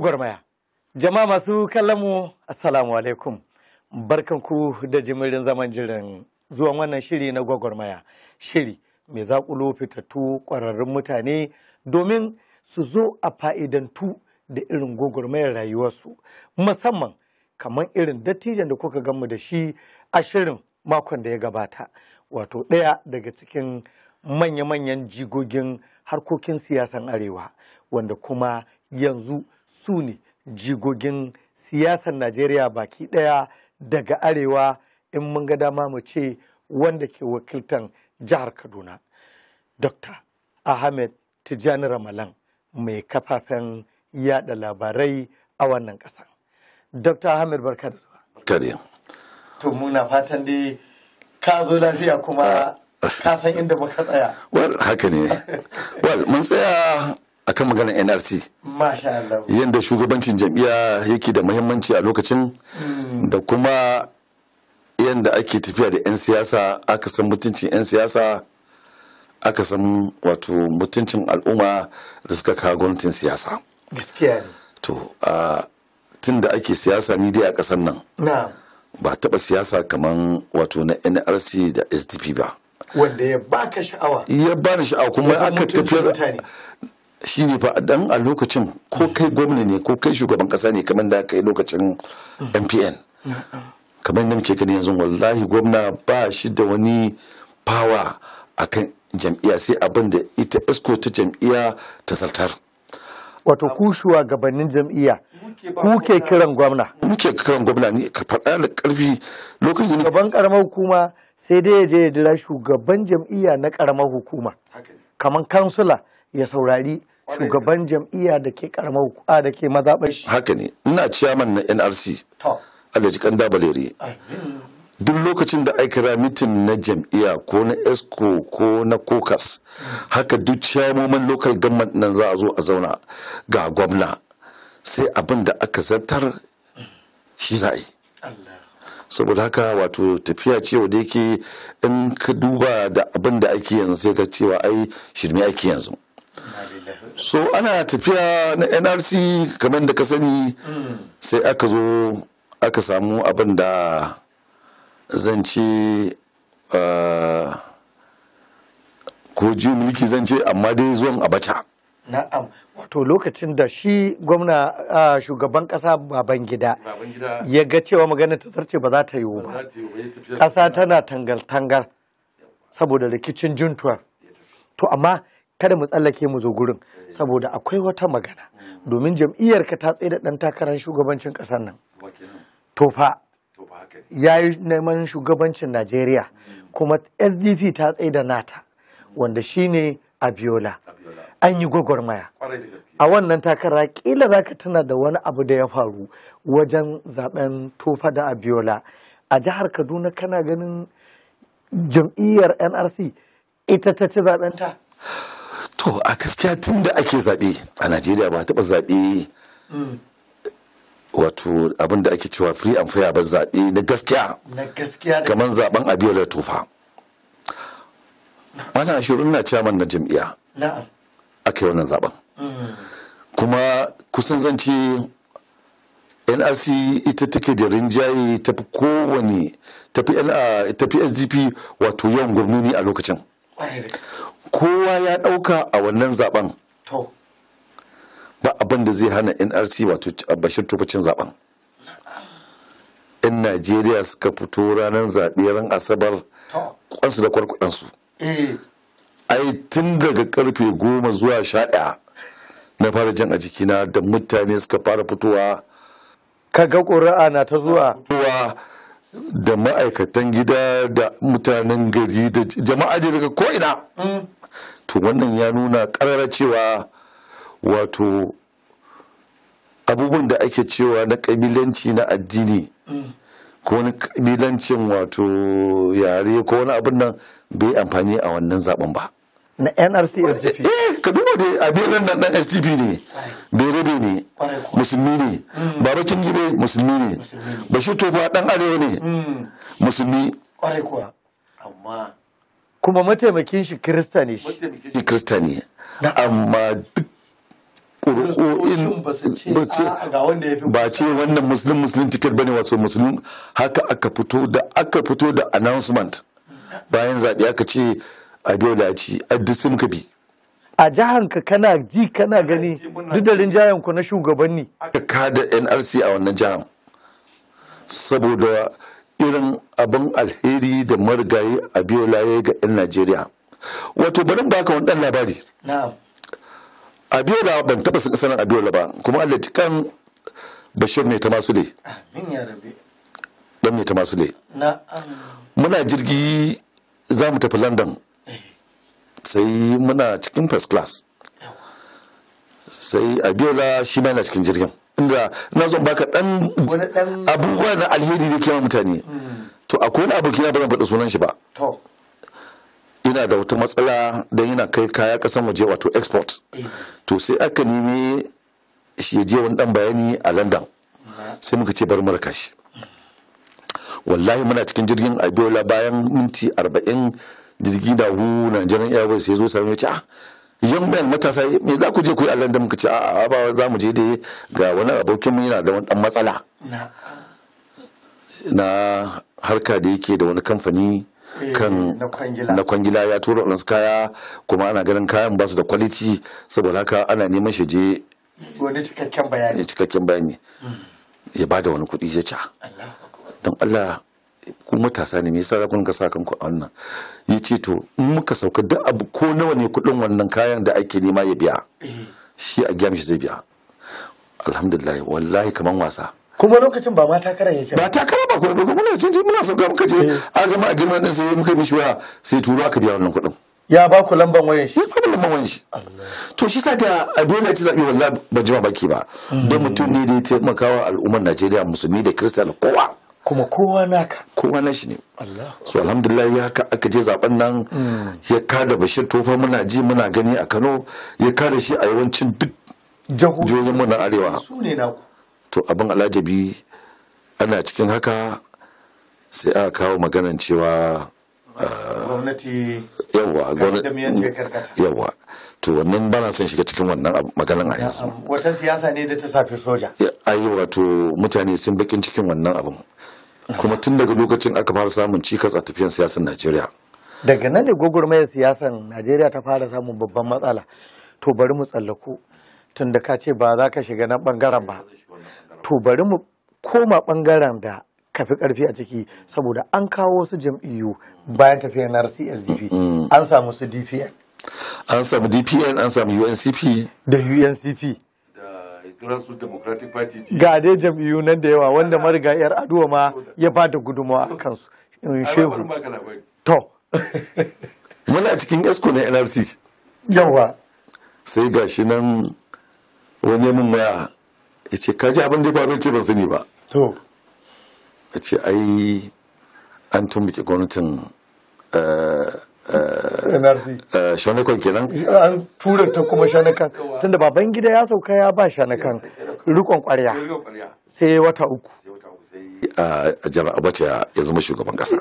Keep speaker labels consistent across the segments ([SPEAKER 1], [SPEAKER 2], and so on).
[SPEAKER 1] gwagwarmaya. Jama'a masu mu Assalamu alaikum. Barkanku da jimirin zaman jiran zuwan wannan shiri na gwagwarmaya. Shiri mai zakulo fitattu ƙwararrun mutane domin su zo a fa'idantu da irin gwagwarmayar rayuwarsu. Musamman kamar irin dattijan da kuka gamu da shi a shirin makon da ya gabata. Wato ɗaya daga cikin manya-manyan jigogin harkokin siyasan arewa wanda kuma yanzu su ne jigogin siyasar najeriya baki ɗaya daga arewa in mun ga dama mu ce wanda ke wakiltan jihar kaduna dr ahmed tijani ramalan mai kafafen yada labarai a wannan ƙasa dr ahmed barka da
[SPEAKER 2] zuwa
[SPEAKER 1] to muna fatan dai ka zo lafiya kuma ah. ka san inda baka tsaya
[SPEAKER 2] haka ne wal mun tsaya a kan maganar NRC. Yadda shugabancin jam'iyya yake da muhimmanci a lokacin hmm. da kuma yadda ake tafiya da 'yan siyasa aka san mutuncin 'yan siyasa aka san wato mutuncin al'umma da suka kawo gwamnatin siyasa. To, tun da ake siyasa ni dai a kasan nan. Ba taɓa siyasa kamar wato na NRC da SDP ba.
[SPEAKER 1] Wanda ya baka sha'awa.
[SPEAKER 2] Ya bani sha'awa kuma aka tafiyar shi ne fa dan a lokacin ko kai gwamna ne ko kai shugaban kasa ne kamar da aka yi lokacin mpn kamar da muke gani yanzu wallahi gwamna ba shi da wani fawa kan jam'iyya sai abin da ita Esko ta jam'iyya ta sartar
[SPEAKER 1] wato ku shugabannin jam'iyya ku ke kiran gwamna
[SPEAKER 2] muke kiran gwamna ne ka faɗa da ƙarfi
[SPEAKER 1] lokacin shugaban karamar hukuma sai dai ya je ya jira shugaban jam'iyya na karamar hukuma kamar kansula ya saurari shugaban jam'iyya da ke karamar hukuma da ke mazaɓar shi
[SPEAKER 2] haka ne ina ciyaman na NRC da jikan dabalere. duk lokacin da kira mitin na jam'iyya ko na esco ko na kokas haka duk ciyamomin local government nan za a zo a zauna ga gwamna sai abin da aka zartar shi za yi saboda haka wato tafiya cewa da yake in ka duba da abin da ake yanzu sai ka cewa ai shirme ake yanzu so ana tafiya na nrc kamar da ka sani sai aka zo aka samu abin da zan ce ah, ko jiyo mulki zan ce amma dai zuwan abacha
[SPEAKER 1] na'am wato lokacin da shi gwamna ah, shugaban kasa baban gida ya ga cewa magana ta zarce ba za ta yiwu ba
[SPEAKER 2] kasa tana
[SPEAKER 1] tangal tangar saboda rikicin juntuwar to amma kada mu tsallake mu zo gurin eh. saboda akwai wata magana hmm. domin jam'iyyar ka ta tsaye da ɗan takarar shugabancin ƙasar nan tofa ya yi neman shugabancin najeriya hmm. kuma sdp ta tsaye da nata hmm. wanda shi shine abiola an yi gwagwarmaya a wannan takara kila za ka tuna da wani abu da ya faru wajen zaben tofa da abiola a jihar kaduna kana ganin jam'iyyar nrc ita ta ci zaben ta
[SPEAKER 2] to a gaskiya tun da ake zaɓe a najeriya ba taɓa zaɓe wato abin da ake cewa free and fair ba zaɓe na
[SPEAKER 1] gaskiya
[SPEAKER 2] kamar zaɓen abiyola tofa ana ashirin na ciyaman na jam'iyya aka yi wannan zaɓen mm. kuma kusan zance nrc ita take da rinjaye tafi kowane tafi sdp wato yawan gwamnoni a lokacin kowa ya ɗauka a wannan zaben ba abin da zai hana nrc wato bashir tukucin zaben in najeriya suka fito ranar zaɓe ran asabar kwansu da kwarkwansu eh. ai tun daga karfe goma zuwa sha ɗaya na fara jan a jikina da mutane suka fara fitowa kaga ƙuri'a na ta zuwa da ma'aikatan gida da mutanen gari da jama'a da daga ko'ina mm. to wannan ya nuna karara cewa wato abubuwan da ake cewa na kabilanci na addini mm. ko wani kabilancin wato yare ko wani abin nan bai amfani a wannan zaben ba na nrc sdp eh, eh, ka duba da abin nan dan sdp ne berebe hmm. ne musulmi ne baba gibe musulmi ne bashir tofa dan arewa ne hmm. musulmi
[SPEAKER 1] kuwa amma kuma mataimakin shi kirista ne shi
[SPEAKER 2] kirista ne amma duk ba ce wannan musulun musulun tiket bane wato musulun haka aka fito da aka fito da announcement hmm. bayan zaɓe aka ce a dole a ci duk sun bi.
[SPEAKER 1] a ka kana ji kana gani duk da rinjayen ku na shugabanni
[SPEAKER 2] ka da NRC a wannan jihar saboda irin abin alheri da marigayi a biyo laye ga 'yan Najeriya wato bari baka wani dan labari a da ban taba sanin abiola ba kuma allah kan bashir ne ta masu le dan ne ta masu muna jirgi za mu tafi london sai muna cikin first class sai abiola shi ma na cikin jirgin inda na zon baka dan abubuwa na alheri da ke mutane mm. to akwai wani abokin ba zan sunan shi ba ina da wata matsala don yana kai kaya kasan waje wato export eh. to sai aka nemi shi ya je wani dan bayani a london mm. sai muka ce bari maraka shi wallahi muna cikin jirgin abiola bayan minti arba'in jirgi da hu Nigerian Airways ya zo sami ce a, ah, yan bayan matasa me za ku je ku yi Allah da muka ce a ba za mu je dai ga wani abokin mu yana da wani dan matsala na harka da yake da wani kamfani eh, kan na kwangila ya tura wasu kaya kuma ana ganin kayan basu da kwaliti saboda haka ana neman shi je
[SPEAKER 1] wani cikakken
[SPEAKER 2] bayani cikakken bayani hmm. ya bada wani kuɗi ya ca ah, don Allah ku matasa ne me yasa za ku rinka sa kanku a wannan ya ce to in muka sauka duk abu ko nawa ne kuɗin wannan kayan da ake nema ya biya shi a shi zai biya alhamdulillah wallahi kaman wasa
[SPEAKER 1] kuma lokacin ba ma takara yake ba takara
[SPEAKER 2] ba kuma kuma muna cin muna sauka muka je eh. a gama a girman din sai muka mishi waya sai tura ka biya wannan kuɗin
[SPEAKER 1] ya ba ku lamban
[SPEAKER 2] wayan shi ya ba lamban wayan shi to shi sa da a dole ci zabi wallahi ba jima baki ba don hmm. mutum ne da ya taimakawa al'ummar Najeriya musulmi da kirista da kowa
[SPEAKER 1] kuma kowa naka
[SPEAKER 2] kowa na shi ne so alhamdulillah ya haka aka je zaben nan hmm. ya kada bashir tofa muna ji muna gani a kano ya kada shi a yawancin duk jihohin mu na arewa su ne naku to abin alajabi ana cikin haka sai aka kawo maganan cewa yawa
[SPEAKER 1] ah, gwamnati
[SPEAKER 2] yawa to wannan bana son shiga cikin wannan maganan a yanzu
[SPEAKER 1] wata siyasa ne da ta safi soja
[SPEAKER 2] ayi wato mutane sun bakin cikin wannan abin kuma tun daga lokacin aka fara samun cikas a tafiyan siyasar najeriya
[SPEAKER 1] daga nan da gwagwarmayar siyasar najeriya ta fara samun babban matsala to bari mu tsallako tun da ka ce ba za ka shiga na bangaren ba to bari mu koma bangaren da kafi karfi a ciki saboda an kawo wasu jam'iyyu bayan tafiyar na csdp an samu su dpn
[SPEAKER 2] an samu dpn an samu uncp da uncp Grassroots Democratic Party ce.
[SPEAKER 1] Ga dai jam'iyyu nan da yawa wanda mariga yar aduwa ma ya ba da gudunmawa a kansu. Shehu.
[SPEAKER 2] To. Muna cikin esko na NRC. Yawa. Sai ga shi nan wani mun waya ya ce kaji abin da ya faru ce ban sani ba. To. Ya ce ai an tumbuke gwamnatin eh, Eh, nrc eh, shanakan kenan
[SPEAKER 1] an tura ta kuma shanakan tunda baban gida ya sauka ya ba shanakan rikon kwarya sai wata uku
[SPEAKER 2] a eh, jama'a abacha ya zama shugaban kasa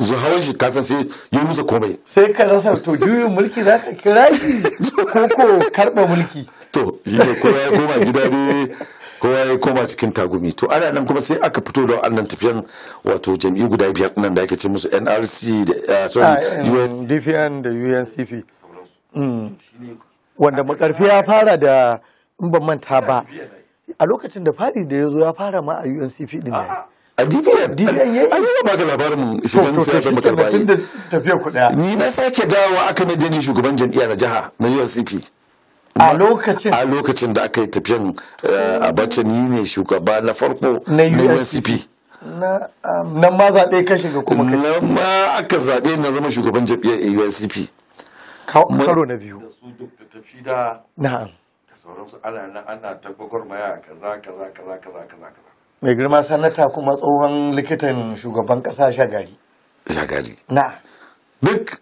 [SPEAKER 2] zuhawar shi kasan sai yi musa komai
[SPEAKER 1] sai ka rasa to juyin mulki za ka kira shi ko ko karɓe mulki
[SPEAKER 2] to shi ne kowa ya koma gida ne kowa ya koma cikin tagumi to ana nan kuma sai aka fito da wannan tafiyan wato jami'i guda biyar nan da ake ce musu NRC da eh, sorry
[SPEAKER 1] DPN ah, eh, da UNCP mm. wanda makarfi ya fara da in ban manta ba a lokacin da fari da ya zo ya fara ma a UNCP din ne a
[SPEAKER 2] dpn dpn ya yi an yi baka labarin shugaban siyasar
[SPEAKER 1] makarba ni na
[SPEAKER 2] sake dawo aka mai da ni shugaban jami'a na jiha na uncp a lokacin a lokacin da aka yi tafiyan eh, abacha ni ne shugaba na farko na UNCP
[SPEAKER 1] um, nan ma zaɓe ka shiga kuma kashi nan
[SPEAKER 2] ma aka zaɓe na zama shugaban jam'iyyar UNCP karo na biyu na'am ana kaza kaza kaza kaza kaza
[SPEAKER 1] mai girma sanata kuma tsohon likitan shugaban kasa shagari shagari na
[SPEAKER 2] duk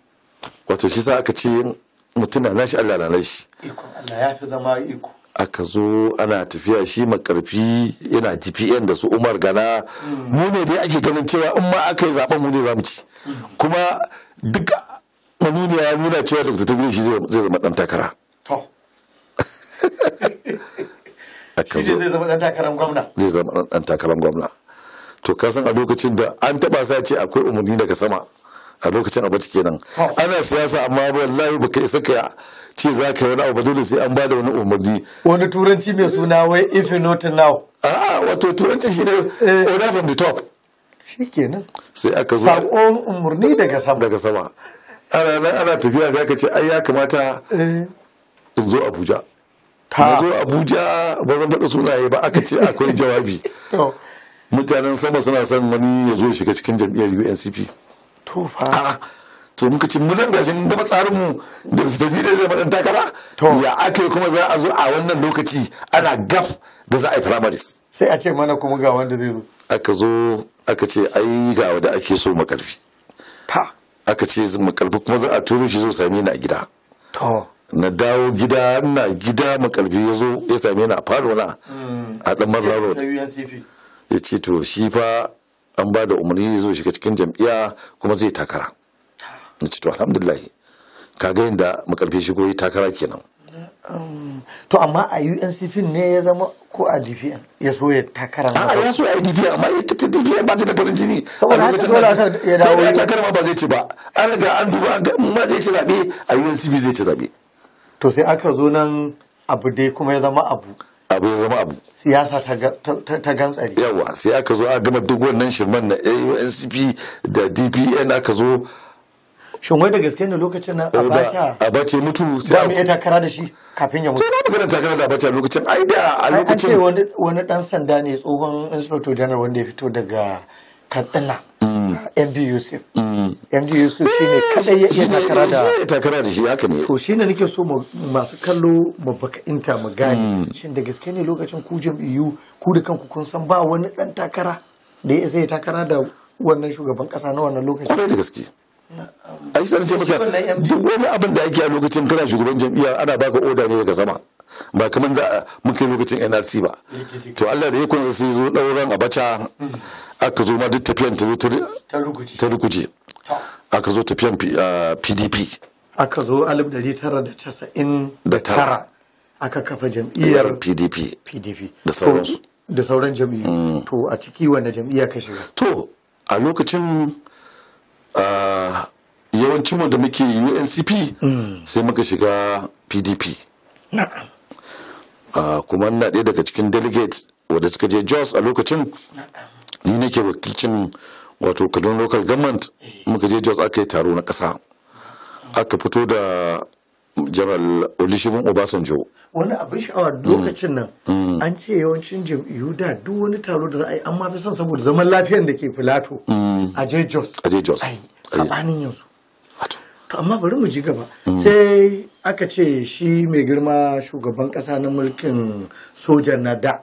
[SPEAKER 2] wato shi sa aka ce mutum na nashi Allah na nashi
[SPEAKER 1] Iko Allah ya fi zama iko
[SPEAKER 2] aka zo ana tafiya shi makarfi yana TPN da su Umar Gana mu ne dai ake ganin cewa in ma aka yi zaɓen mu ne za mu ci kuma duk manuniya ya nuna cewa Dr. Tabiru shi zai zama ɗan takara to aka zo zai zama ɗan takarar gwamna zai zama ɗan takarar gwamna to kasan a lokacin da an taɓa sa ce akwai umarni daga sama a lokacin abinci kenan ana siyasa amma wallahi baka isa ka ce za ka yi wani abu dole sai an ba da wani umarni wani turanci mai
[SPEAKER 1] suna wai if you not now a wato turanci shine eh. order from the top shikenan
[SPEAKER 2] sai aka zo sakon umarni daga sama daga sama ana nan ana tafiya za ka ce ai ya kamata eh. in zo abuja ta zo abuja ba zan faɗa sunaye ba aka ce akwai jawabi mutanen sama suna son wani ya zo shiga cikin jam'iyyar uncp to fa to muka ce mudan gashi mun gaba tsarin mu da su tafi da zai madan takara ya ake kuma za a zo a wannan lokaci ana gaf da za a yi primaries
[SPEAKER 1] sai a ce mana kuma ga wanda zai zo
[SPEAKER 2] aka zo aka ce ai ga wanda ake so makarfi ta aka ce zan makarfi kuma za a turo shi zo sami na gida to na dawo gida na gida makarfi ya zo ya sami na a falo na
[SPEAKER 1] mm. a dan marlaro
[SPEAKER 2] ya ce to shi fa an ba da umarni zai shiga cikin jam'iyya kuma zai takara na ce to alhamdulillah kaga yadda makarfe shi koyi takara kenan
[SPEAKER 1] um, to amma a uncp ne ya zama ko a dpn
[SPEAKER 2] ya so ya takara na ya so a dpn amma ya kita dpn ba ta da farin
[SPEAKER 1] jini a lokacin da ya dawo ya takara ma ba zai ci ba
[SPEAKER 2] an riga an duba ma zai ci zabe a uncp zai ci zabe
[SPEAKER 1] to sai aka zo nan abu dai kuma ya zama abu
[SPEAKER 2] abu ya zama abu
[SPEAKER 1] siyasa ta gamsari
[SPEAKER 2] yawa sai aka zo a gama duk wannan shirman na AUNCP da DPN aka zo
[SPEAKER 1] shin wai da gaske ne lokacin na abacha
[SPEAKER 2] abacha mutu sai ba mu iya
[SPEAKER 1] takara da shi kafin ya mutu sai
[SPEAKER 2] ba magana takara da abacha lokacin ai da
[SPEAKER 1] a lokacin wani dan sanda ne tsohon inspector general wanda ya fito daga katsina MD mm. Yusuf. MD mm. Yusuf shi ne eh, kadai ya iya takara da. Shi ne takara da shi haka ne. To shi ne nake so masu kallo mu inta mu gane. Mm. Shin da gaske ne lokacin ku jam'iyyu ku da kanku kun san ba wani dan takara da ya ya takara da wannan shugaban kasa na wannan lokaci. Kwarai
[SPEAKER 2] da gaske. A yi ce maka duk wani abin da ake a lokacin kana shugaban jam'iyya ana baka oda ne daga sama. ba kamar da muke lokacin nrc ba to allah da ya kunsa sai zo ɗauran abacha aka zo ma duk tafiyan ta zo ta rukuje aka zo tafiyan pdp ah,
[SPEAKER 1] aka zo 1999 aka kafa jam'iyyar
[SPEAKER 2] pdp da sauransu
[SPEAKER 1] da sauran jam'iyyu mm. to a ciki wanda jam'iyya ka shiga
[SPEAKER 2] to a lokacin ah, yawancin da muke uncp mm. sai muka shiga pdp na'am kuma na ɗaya daga cikin delegates wadda suka je jos a lokacin ni nake wakilcin wato kaduna local government muka je jos aka yi taro na ƙasa aka fito da general olishimin obasanjo
[SPEAKER 1] wani abin sha'awa lokacin nan mm. an ce yawancin jam'iyyu da duk wani taro da za a yi amma fi son saboda zaman
[SPEAKER 2] lafiyan da ke filato mm. a je jos a je jos
[SPEAKER 1] to amma bari mu ji gaba sai aka ce shi mai girma shugaban kasa na mulkin sojan na da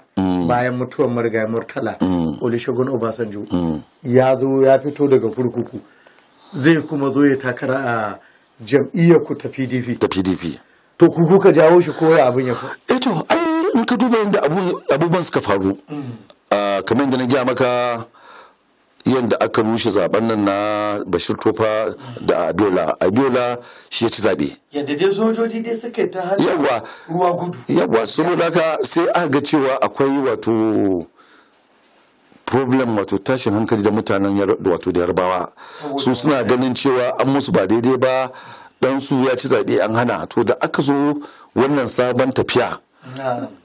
[SPEAKER 1] bayan mutuwar marigayi murtala olusegun obasanjo ya zo ya fito daga kurkuku zai kuma zo ya takara a jam'iyyar
[SPEAKER 2] ku ta pdp ta pdp
[SPEAKER 1] to ku kuka jawo shi ko abin ya e to
[SPEAKER 2] ai in ka duba yadda abubuwan suka faru mm. ah, kamar yadda na gaya maka yadda aka rushe zaben nan na bashir tofa da abiola abiola shi ya ci zaɓe
[SPEAKER 1] yadda dai sojoji dai suka ta hana ruwa gudu yawa saboda haka
[SPEAKER 2] sai aka ga cewa akwai wato problem wato tashin hankali da mutanen wato da yarbawa su suna ganin cewa an musu ba daidai ba dan su ya ci zaɓe an hana to da aka zo wannan sabon tafiya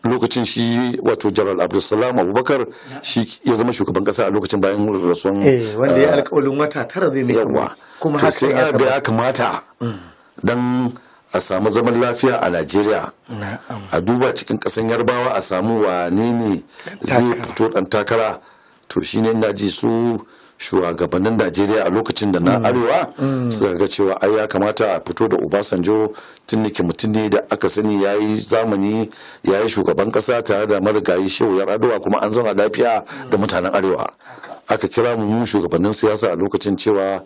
[SPEAKER 2] lokacin shi wato general abdulsalam abubakar shi ya zama shugaban kasa a lokacin bayan rasuwan eh, wanda ya ah, alkawalin wata tara zai yawa kuma to sai da ya kamata mm. dan a samu zaman lafiya a najeriya a duba cikin kasan yarbawa a samu wane ne zai fito dan takara to shine na ji su shugabannin najeriya a lokacin da na mm. arewa mm. suka ga cewa ai ya kamata a fito da obasanjo tunniki mutum ne da aka sani ya zamani ya yi shugaban kasa tare da marigayi shehu yar'adua kuma an zauna lafiya da mutanen arewa aka kira mu shugabannin siyasa a lokacin cewa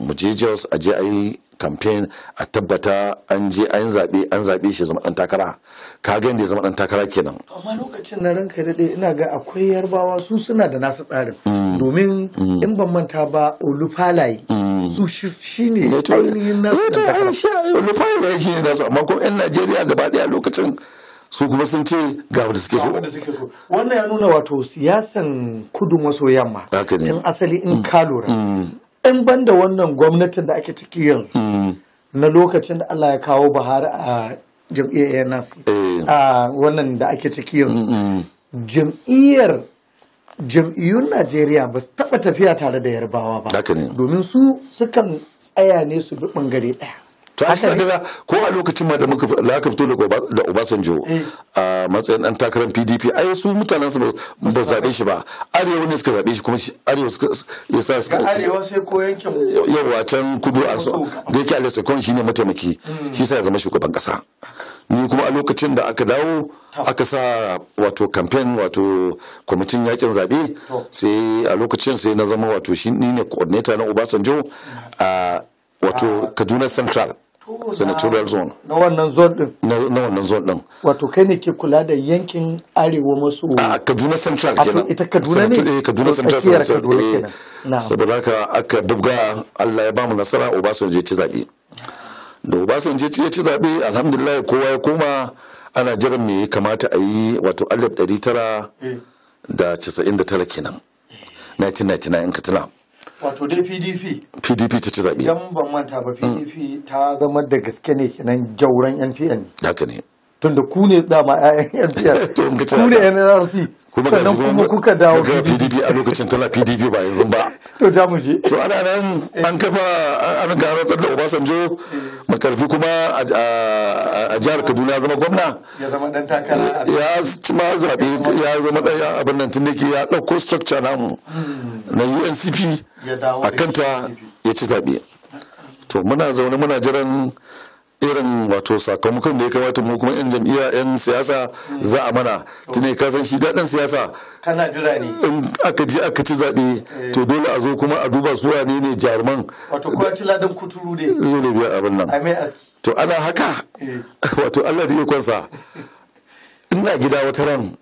[SPEAKER 2] mu je jos a je a yi campaign a tabbata an je an zaɓe an zaɓe shi zama ɗan takara ka ga yadda ya zama ɗan takara kenan
[SPEAKER 1] amma lokacin na ranka daɗe ina ga akwai yarbawa su suna da nasa tsarin mm. domin mm. in ban manta ba olufalaye mm. su shi ne eh, ainihin nasu eh, ɗan takara
[SPEAKER 2] olufalaye shi ne nasu amma kuma 'yan najeriya gaba ɗaya lokacin su kuma sun ce ga wanda suke
[SPEAKER 1] so wannan ya nuna wato siyasan kudu maso yamma tun asali in ka lura in ban da wannan gwamnatin da ake ciki yanzu hmm. na lokacin da Allah ya kawo Buhari a jam'iyyar ANC eh. a wannan da ake ciki
[SPEAKER 2] yanzu
[SPEAKER 1] jam'iyyar jam'iyyun Najeriya ba su taɓa tafiya tare da yarbawa ba domin su sukan tsaya ne su bi ɓangare ɗaya
[SPEAKER 2] ta sadara ko a lokacin ma da muka aka fito da Obasanjo eh. a matsayin dan takarar PDP ai su mutanen su ba zabe shi ba arewa ne suka zabe shi kuma arewa suka ya sa suka arewa
[SPEAKER 1] sai ko yankin
[SPEAKER 2] yawa can kudu a so da yake Alhaji Kon shine mataimaki hmm. shi sa ya zama shugaban kasa ni kuma a lokacin da aka dawo aka sa wato campaign wato kwamitin yakin zabe sai a lokacin sai na zama wato shi ne coordinator na Obasanjo hmm. a wato ah. Kaduna Central senatorial zone na wannan zone din na wannan zone din
[SPEAKER 1] wato kai ne ke kula da yankin
[SPEAKER 2] arewa maso a kaduna central kenan ita kaduna ne eh, kaduna central eh. saboda haka aka dubga Allah ya bamu nasara Obasanjo ya ci zabe da Obasanjo ya ci zabe alhamdulillah kowa ya koma ana jiran me ya kamata a yi wato 1999 eh. kenan 1999 in ka tuna wato dai pdp pdp ta ci zaɓe
[SPEAKER 1] yan ban manta ba pdp ta zama da gaske ne nan jauran npn haka ne tunda ku ne dama ƴaƴan MTS ku ne
[SPEAKER 2] NRC sannan kuma kuka dawo PDP a lokacin tana PDP ba yanzu ba to ja mu to ana nan an kafa an ga rantsar da Obasanjo makarfi kuma a jihar Kaduna ya zama gwamna ya zama dan takara ya ma zabe ya zama dan abin nan tun yake ya dauko structure namu na UNCP Ya a kanta ya ci zabe to muna zaune muna jiran irin wato sakamakon da ya kamata mu kuma yan jam'iyya yan siyasa za a mana tunai ka san shi daɗin siyasa kana jira ne in aka je aka ci zaɓe eh. to dole a zo kuma a duba su wane ne jaruman wato ko ci ladan kuturu ne zo ne biya abin nan to ana haka eh. wato Allah da ikonsa ina gida wata ran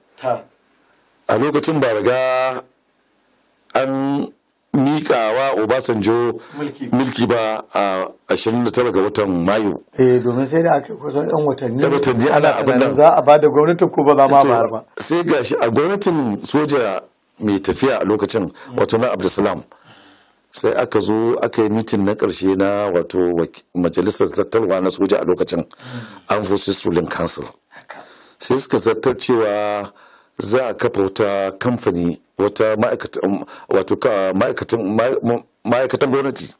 [SPEAKER 2] a lokacin ba riga an mikawa obasanjo mulki ba a 29 ga watan mayu
[SPEAKER 1] eh domin sai da aka kusan yan watanni da watanni ana abin da za a da gwamnatin ko ba za ma bayar ba
[SPEAKER 2] sai gashi a gwamnatin soja mai tafiya a lokacin wato na abdulsalam sai aka zo aka yi mitin na karshe na wato majalisar zattarwa na soja a lokacin mm. an fusi ruling council sai suka zartar cewa za a kafa wata kamfani wata um, ma'aikatan gwamnati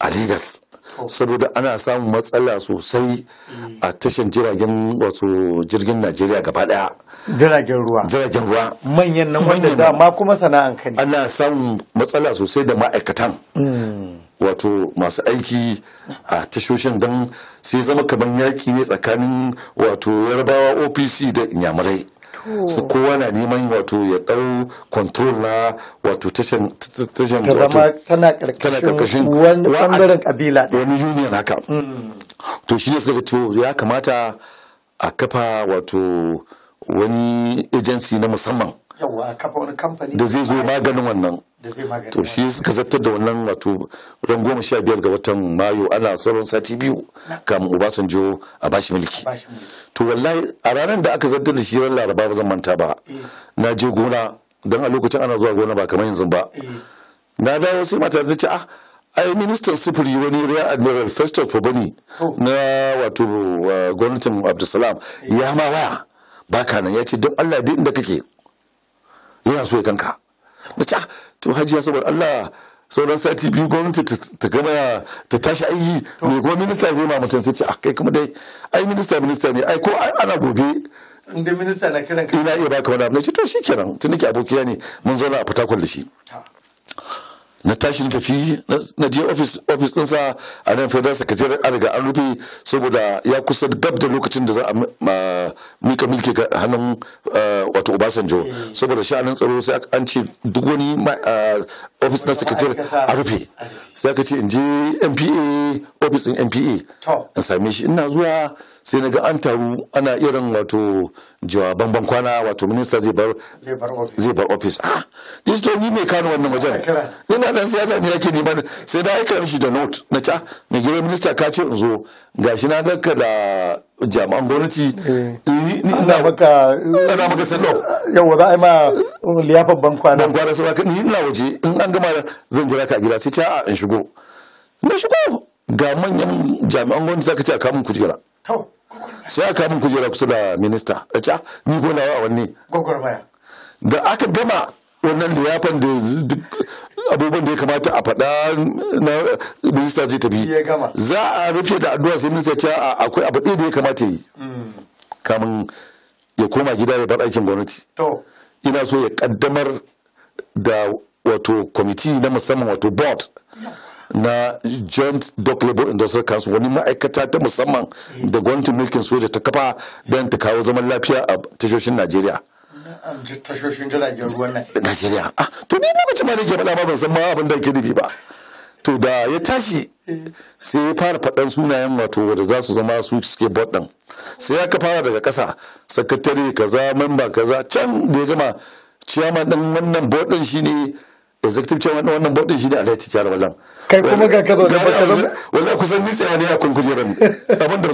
[SPEAKER 2] a Legas. Oh. saboda ana samun matsala sosai mm. a tashin jiragen wato jirgin najeriya gaba daya jiragen ruwa jiragen ruwa
[SPEAKER 1] manyan nan wanda dama
[SPEAKER 2] kuma sana'an kani ana samun matsala sosai da ma'aikatan
[SPEAKER 1] mm.
[SPEAKER 2] wato masu aiki a tashoshin don sai zama kamar yaki ne tsakanin wato yarbawa opc da inyamurai su kowa na neman wato ya dau control na wato tashan tashin wato tana karkashin wani bangaren kabila wani union haka mm. to shi ne suka to ya kamata a kafa wato wani agency na musamman
[SPEAKER 1] da zai zo maganin wannan to
[SPEAKER 2] shi suka zartar da wannan wato ran goma sha biyar ga watan mayu ana sauran sati biyu kamun obasanjo a bashi mulki to wallahi a ranar da aka zartar da shi ran laraba ba zan manta ba eh. na je gona don a lokacin ana zuwa gona ba kamar yanzu ba eh. na dawo sai mata ta ce ah ai ministan sufuri wani rear admiral festus fobani na wato eh, gwamnatin abdulsalam ya ma waya ka nan ya ce don allah da inda kake yana so ya ganka na ce ah, to hajiya saboda Allah sauran sati biyu gwamnati ta gama ta tashi aiki mai kuma minista zai ma mutum sai ce a ah, kai kuma dai ai minista minista ne ai ko ana gobe inda minista na kiran ina iya baka wani abu na ce to shi kenan tun nake abokiya ne mun zauna a fita da shi na tashin tafi na je ofis dinsa a nan federal secretary an riga an rufe saboda ya kusa gab da lokacin da za a mika milki ga hannun eh, wato obasanjo saboda sha'anin tsaro sai an ce duk wani eh, ofis na secretary a rufe sai aka ce in je npa ofis din npa in same shi ina zuwa sai na ga an taru ana irin wato jawaban bankwana wato minista zai bar zai bar office ah, ni mai kano wannan wajen ina dan siyasa ne yake neman sai da aika mishi da note na ca ah, mai girma minista ka ce in zo gashi na ga ka da jami'an gwamnati eh. ni ina maka ina maka sallo yawa za a yi ma liyafar bankwana bankwana sai ka ni ina waje in an gama zan jira ka gida sai a ah, in shigo na shigo ga manyan jami'an gwamnati zaka ce a kamun kujera sai aka min kujera kusa da minista a ca ah, ni ko wa wanne da aka gama wannan liyafan da abubuwan da ya kamata a faɗa na minista zai tafi za a rufe da addu'a sai minista ce ah, akwai abu ɗaya da ya kamata yi mm. kamun ya koma gida ya bar aikin gwamnati ina so ya kaddamar da wato kwamiti na musamman wato board na joint labor industrial council wani ma'aikata ta musamman da gwamnatin mulkin soja ta kafa don ta kawo zaman lafiya a tashoshin najeriya
[SPEAKER 1] tashoshin jiragen ruwan
[SPEAKER 2] najeriya ah, to ni lokacin ma nake faɗa ba ban san ma abin da ake nufi ba to da ya tashi sai ya fara faɗan sunayen wato da za su zama su suke bot sai ya ka fara daga ƙasa sakatare kaza memba kaza can da ya gama ciyaman ɗin wannan bot ɗin shine executive chairman din wannan board din shine Alhaji Tijjani wajen. kai kuma ga ka zo da baka zama wallahi kusan nisa ya ne a kunkuje rami abin da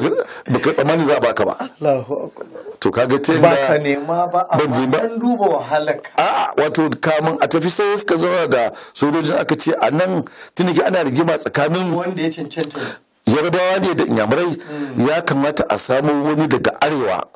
[SPEAKER 2] baka tsammani za a baka ba Allahu akbar to kaga ta ba ka
[SPEAKER 1] nema ba
[SPEAKER 2] amma an duba wahalaka a wato kamun a tafi sai suka zo da sojojin aka ce a nan tuniki ana rigima tsakanin wanda ya cancanta yarbawa ne da inyamurai mm. ya kamata a samu wani daga arewa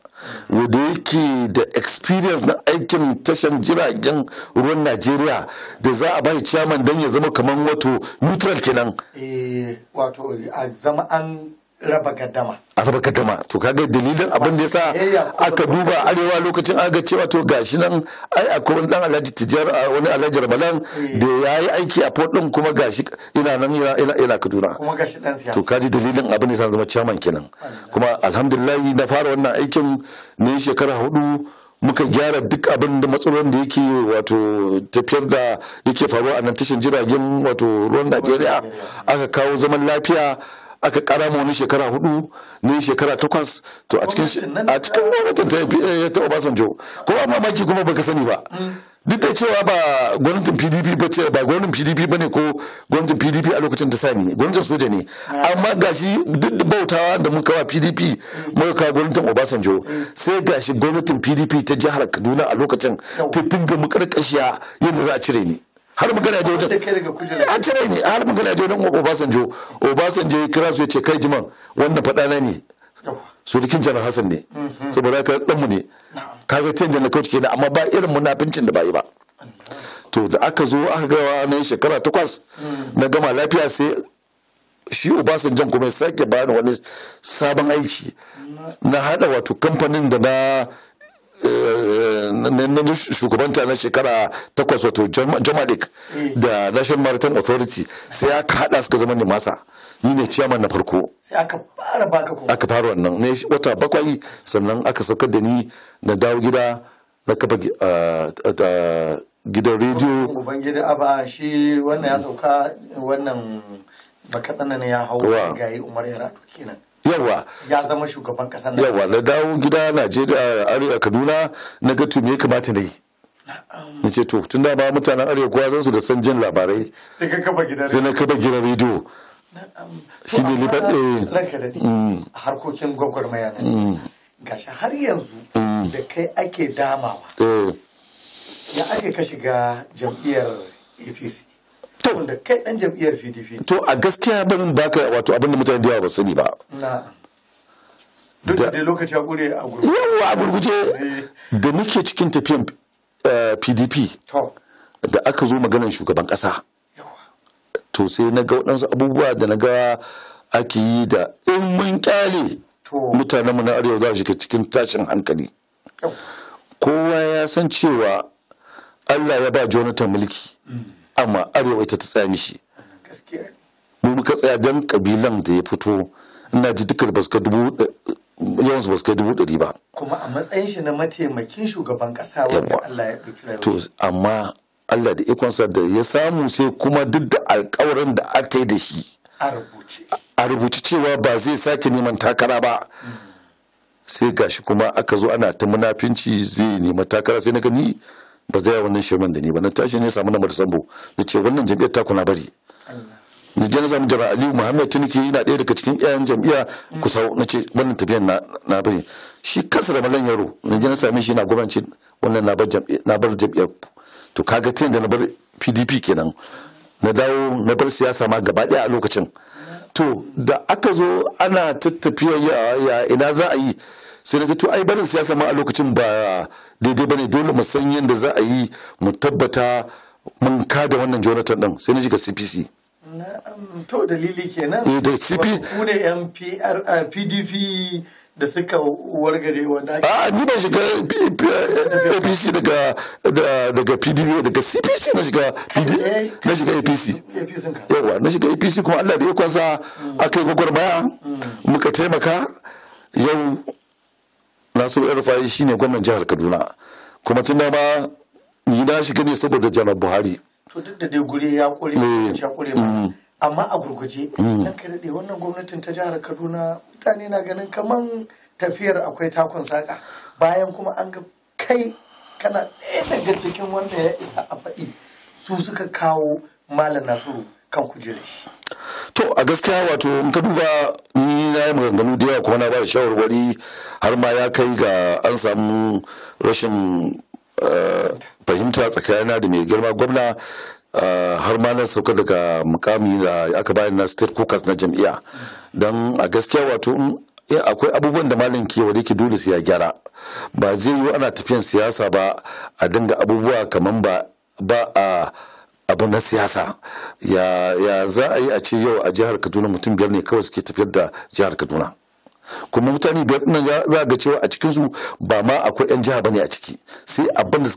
[SPEAKER 2] wanda yake da experience na aikin tashan jiragen ruwan najeriya da za a bai chairman don ya zama kamar wato neutral kenan
[SPEAKER 1] eh, wato a zama an raba gaddama
[SPEAKER 2] a raba gaddama to kaga dalilin abin da yasa aka duba arewa lokacin aga cewa to gashi nan ai akwai wani dan alhaji Tijjar wani alhaji rabalan eh. da yayi aiki a port din kuma gashi ina nan ina ina Kaduna kuma gashi dan siyasa to kaji dalilin abin da yasa zama chairman kenan kuma alhamdulillah na fara wannan aikin ne shekara hudu muka gyara duk abin da matsalolin da yake wato tafiyar da yake faruwa a nan tashin jiragen wato ruwan Najeriya aka kawo zaman lafiya aka kara ma wani shekara hudu ni shekara takwas to a cikin a cikin gwamnatin ta eh, Obasanjo kuma mamaki kuma baka sani ba duk da cewa ba gwamnatin PDP ba ce ba gwamnatin PDP ba ne ko gwamnatin PDP a lokacin ta sani gwamnatin soja ne amma gashi duk da bautawa da muka wa PDP muka kawo gwamnatin Obasanjo sai gashi gwamnatin PDP ta jihar Kaduna a lokacin ta dinga mukarkashiya yadda za a cire ni har magana je wajen an cire ne har magana je wajen obasanjo obasanjo ya kira su ya ce kai jiman wannan faɗa na ne surukin janar hassan ne mhm. saboda ka ɗanmu ne kaga cin janar kawai kenan amma ba irin munafincin da ba yi ba to da aka zo aka gawa na shekara takwas mm. na gama lafiya sai shi obasanjan kuma ya sake bayan wani sabon aiki na hada wato kamfanin da na Eh, na shugabanta na shekara takwas wato jamadic eh. da national maritime authority sai aka hada suka zama masa ni ne ciyaman na farko
[SPEAKER 1] sai aka fara baka
[SPEAKER 2] aka fara wannan ne wata bakwai sannan aka saukar da ni na dawo gida na kafa ah, ah, ah, gidan rediyo
[SPEAKER 1] uban gida aba shi wannan ya sauka wannan baka tsananin ya hau ga yi umar ya kenan
[SPEAKER 2] yawa ya
[SPEAKER 1] zama shugaban kasar yawa na
[SPEAKER 2] dawo gida najeriya arewa kaduna na ga to me kamata na yi ce to tun da ba mutanen arewa kowa zan su da san jin labarai sai na kaba gidan rediyo
[SPEAKER 1] shi ne libaɗe da harkokin gwagwarmaya na mm. gashi har yanzu mm. da kai ake damawa eh. ya ake ka shiga jam'iyyar apc to da kai dan jam'iyyar PDP
[SPEAKER 2] to a gaskiya barin baka wato abinda mutane da yawa ba sani ba
[SPEAKER 1] duk da lokaci a gure a gurguje yawa a gurguje eh.
[SPEAKER 2] da muke cikin tafiyan PDP eh, da aka zo maganar shugaban kasa to sai na ga waɗansu abubuwa da na ga ake yi da in mun kyale mutanenmu na arewa za su shiga cikin tashin hankali kowa ya san cewa Allah ya ba Jonathan mulki mm. amma arewa ita ta tsaya mishi mu muka tsaya don kabilan da ya fito ina ji dukkan baska dubu yawan su ba su kai dubu ɗari ba
[SPEAKER 1] kuma a matsayin shi na mataimakin shugaban ƙasa wanda Allah ya ɗauki
[SPEAKER 2] to amma Allah da ikonsa da ya samu sai kuma duk da alƙawarin da aka yi da shi a rubuce cewa ba zai sake neman takara ba mm. sai gashi kuma aka zo ana ta munafinci zai nema takara sai na gani ba zai wannan shirman da ni ba na tashi ne samu namar sambo da ce wannan jam'iyyar taku na bari ni je na samu jama'a aliyu muhammad tuniki yana ɗaya daga cikin yayan jam'iyya mm. kusa na ce wannan tafiyan na bari shi kansa da malan yaro ni je na same shi na gwamnati wannan na bar jam'iyyar to kaga tun da na bar pdp kenan na dawo na bar siyasa ma gaba ɗaya a lokacin to da aka zo ana tattafiya ya ina za a yi sai na ta to ai barin siyasa ma a lokacin ba daidai bane dole mu san yadda za a yi mu tabbata mun kada wannan Jonathan din sai na shiga CPC
[SPEAKER 1] to dalili kenan eh, da CP ne MPR PDP da suka wargare wannan a ah, ni ban shiga
[SPEAKER 2] APC daga daga PDP daga CPC na shiga eh, na shiga APC yawa na shiga APC kuma Allah da ya kwansa mm. akai gwagwarmaya mm. muka taimaka yau nasiru rufai shine gwamnan jihar kaduna kuma tun dama ni na shiga ne saboda janar buhari
[SPEAKER 1] to duk da dai guri ya kore
[SPEAKER 2] eh, ya kore ma mm.
[SPEAKER 1] amma a gurguje nan mm. ka daɗe wannan gwamnatin ta jihar kaduna mutane na ganin kaman tafiyar akwai takon saka bayan kuma an ga kai kana ɗaya daga cikin wanda ya isa a faɗi su suka kawo malam nasiru kan kujerar shi
[SPEAKER 2] to a gaskiya wato in ka duba ni na yi maganganu da yawa kuma na ba da shawarwari har ma ya kai ga an samu rashin eh, fahimta tsakanina da mai girma gwamna eh, har ma na sauka daga mukami da aka bayan na state caucus na jam'iyya don a gaskiya wato eh, akwai abubuwan da malin ke wanda ke dole su ya gyara ba zai yiwu ana tafiyan siyasa ba a dinga abubuwa kamar ba a abu na siyasa ya za a yi a ce yau a jihar kaduna mutum biyar ne kawai suke tafiyar da jihar kaduna kuma mutane biyar nan za ga cewa a cikinsu ba ma akwai 'yan jiha ne a ciki sai abin da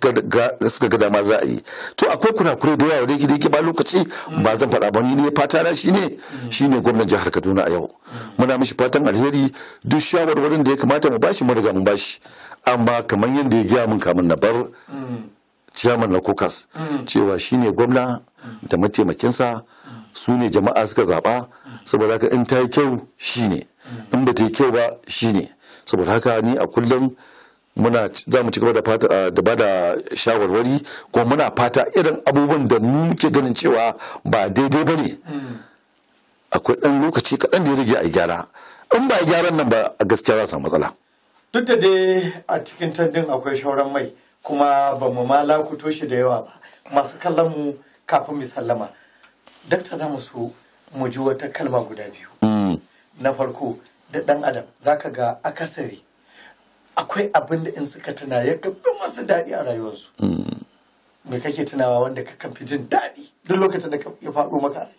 [SPEAKER 2] suka ga dama za a yi to akwai kurakurai da yawa da yake ba lokaci ba zan faɗa ba ni ne fata na shi ne shi ne gwamnan jihar kaduna a yau muna mishi fatan alheri duk shawarwarin da ya kamata mu bashi mu riga mu bashi amma kamar yadda ya gaya mun kamin na bar chairman na caucus cewa shine gwamna da mataimakinsa su ne jama'a suka zaba saboda haka in ta yi kyau shi ne in ba ta yi kyau ba shi ne saboda haka ni a kullum muna za mu ci gaba da fata ah, da bada shawarwari kuma muna fata irin abubuwan da muke ganin cewa ba daidai ba ne akwai ɗan lokaci kaɗan da ya rage a gyara in ba a gyaran nan ba a gaskiya za samu matsala
[SPEAKER 1] duk da dai a cikin tandin akwai shauran mai kuma ba mu ma lakuto shi da yawa ba masu kallon mu kafin mu sallama dakta za mu so mu ji wata kalma guda biyu mm. na farko da dan adam zaka ga akasari akwai abin da in suka tuna ya wasu masu daɗi a rayuwarsu mm. me kake tunawa wanda ka kan fi jin daɗi duk lokacin da ya faɗo maka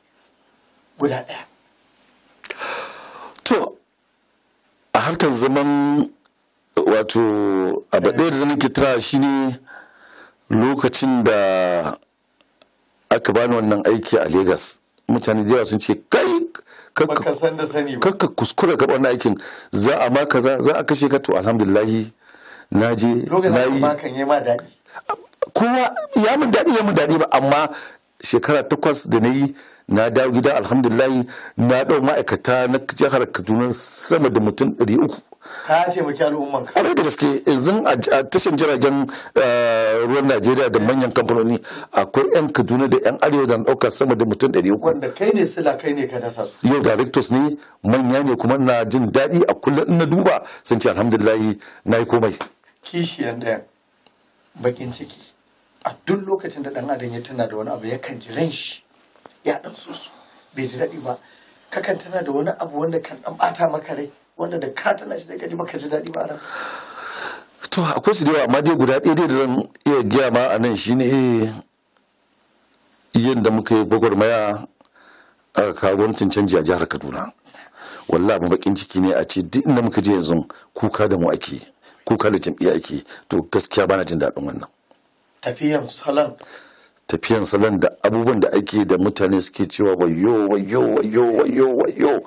[SPEAKER 2] guda ɗaya to a harkar zaman wato abu ɗaya da zanen shi ne lokacin da aka bani wannan aiki a Legas mutane jira sun ce kai kakka kuskura ka wannan aikin za a maka za a kashe ka to alhamdulillahi na je na yi kowa ya mu daɗi ya mu daɗi ba amma shekara takwas da na yi na dawo gida alhamdulillahi na ɗau ma'aikata na jihar kaduna sama da mutum ɗari uku ka taimaki al'umman ka da gaske yanzu a tashin jiragen eh, ruwan Najeriya da manyan kamfanoni akwai yan Kaduna da yan Arewa da ɗauka sama da mutum uku.
[SPEAKER 1] wanda kai ne sila kai ne ka dasa su
[SPEAKER 2] yau directors ne manya ne kuma na jin daɗi a kullum na duba sun ce alhamdulillahi na yi komai
[SPEAKER 1] kishiyan ɗaya bakin ciki a duk lokacin da ɗan adam ya tana da wani abu yakan ji ran shi ya ɗan so su bai ji daɗi ba kakan tana da wani abu wanda kan ɗan ɓata maka rai wanda da ka tana shi sai ka ji ji daɗi ba
[SPEAKER 2] to akwai su da yawa amma dai guda ɗaya dai da zan iya gaya ma a nan shine eh, yin da muka yi gwagwarmaya a kagwancin canji a jihar kaduna wallah abin bakin ciki ne a ce duk inda muka je yanzu kuka da mu ake kuka da jam'iyya ake to gaskiya bana jin daɗin wannan
[SPEAKER 1] tafiyan salon
[SPEAKER 2] tafiyan salon da abubuwan da ake da mutane suke cewa wayo wayo wayo wayo wayo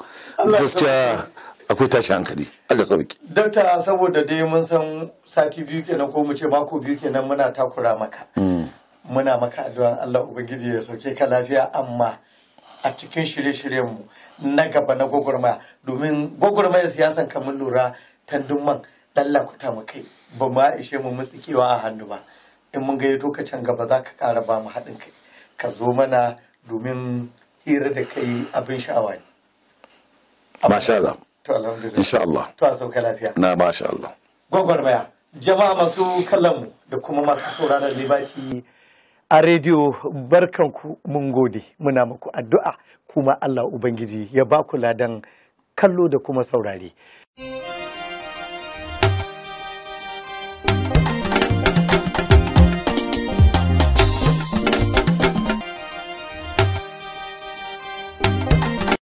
[SPEAKER 2] gaskiya akwai tashi hankali Allah sauki
[SPEAKER 1] dakta saboda dai mun san sati biyu kenan ko mu ce mako biyu kenan muna takura maka hmm. muna maka addu'an Allah ubangiji ya sauke ka lafiya amma a cikin shirye-shiryen mu na gaba na gwagwarmaya domin gwagwarmaya siyasan mun lura tandun dan lakuta mu kai ba ma ishe mu mutsikewa a hannu ba in mun gayyato ka can gaba za ka kara ba mu haɗin kai ka zo mana domin hira da kai abin sha'awa ne. Masha to alhamdulillah insha Allah to a sauka lafiya
[SPEAKER 2] na masha Allah
[SPEAKER 1] gwagwarmaya jama'a masu kallon mu da kuma masu sauraron libati a rediyo barkanku mun gode muna muku addu'a kuma Allah ubangiji ya ba ku ladan kallo da kuma saurare.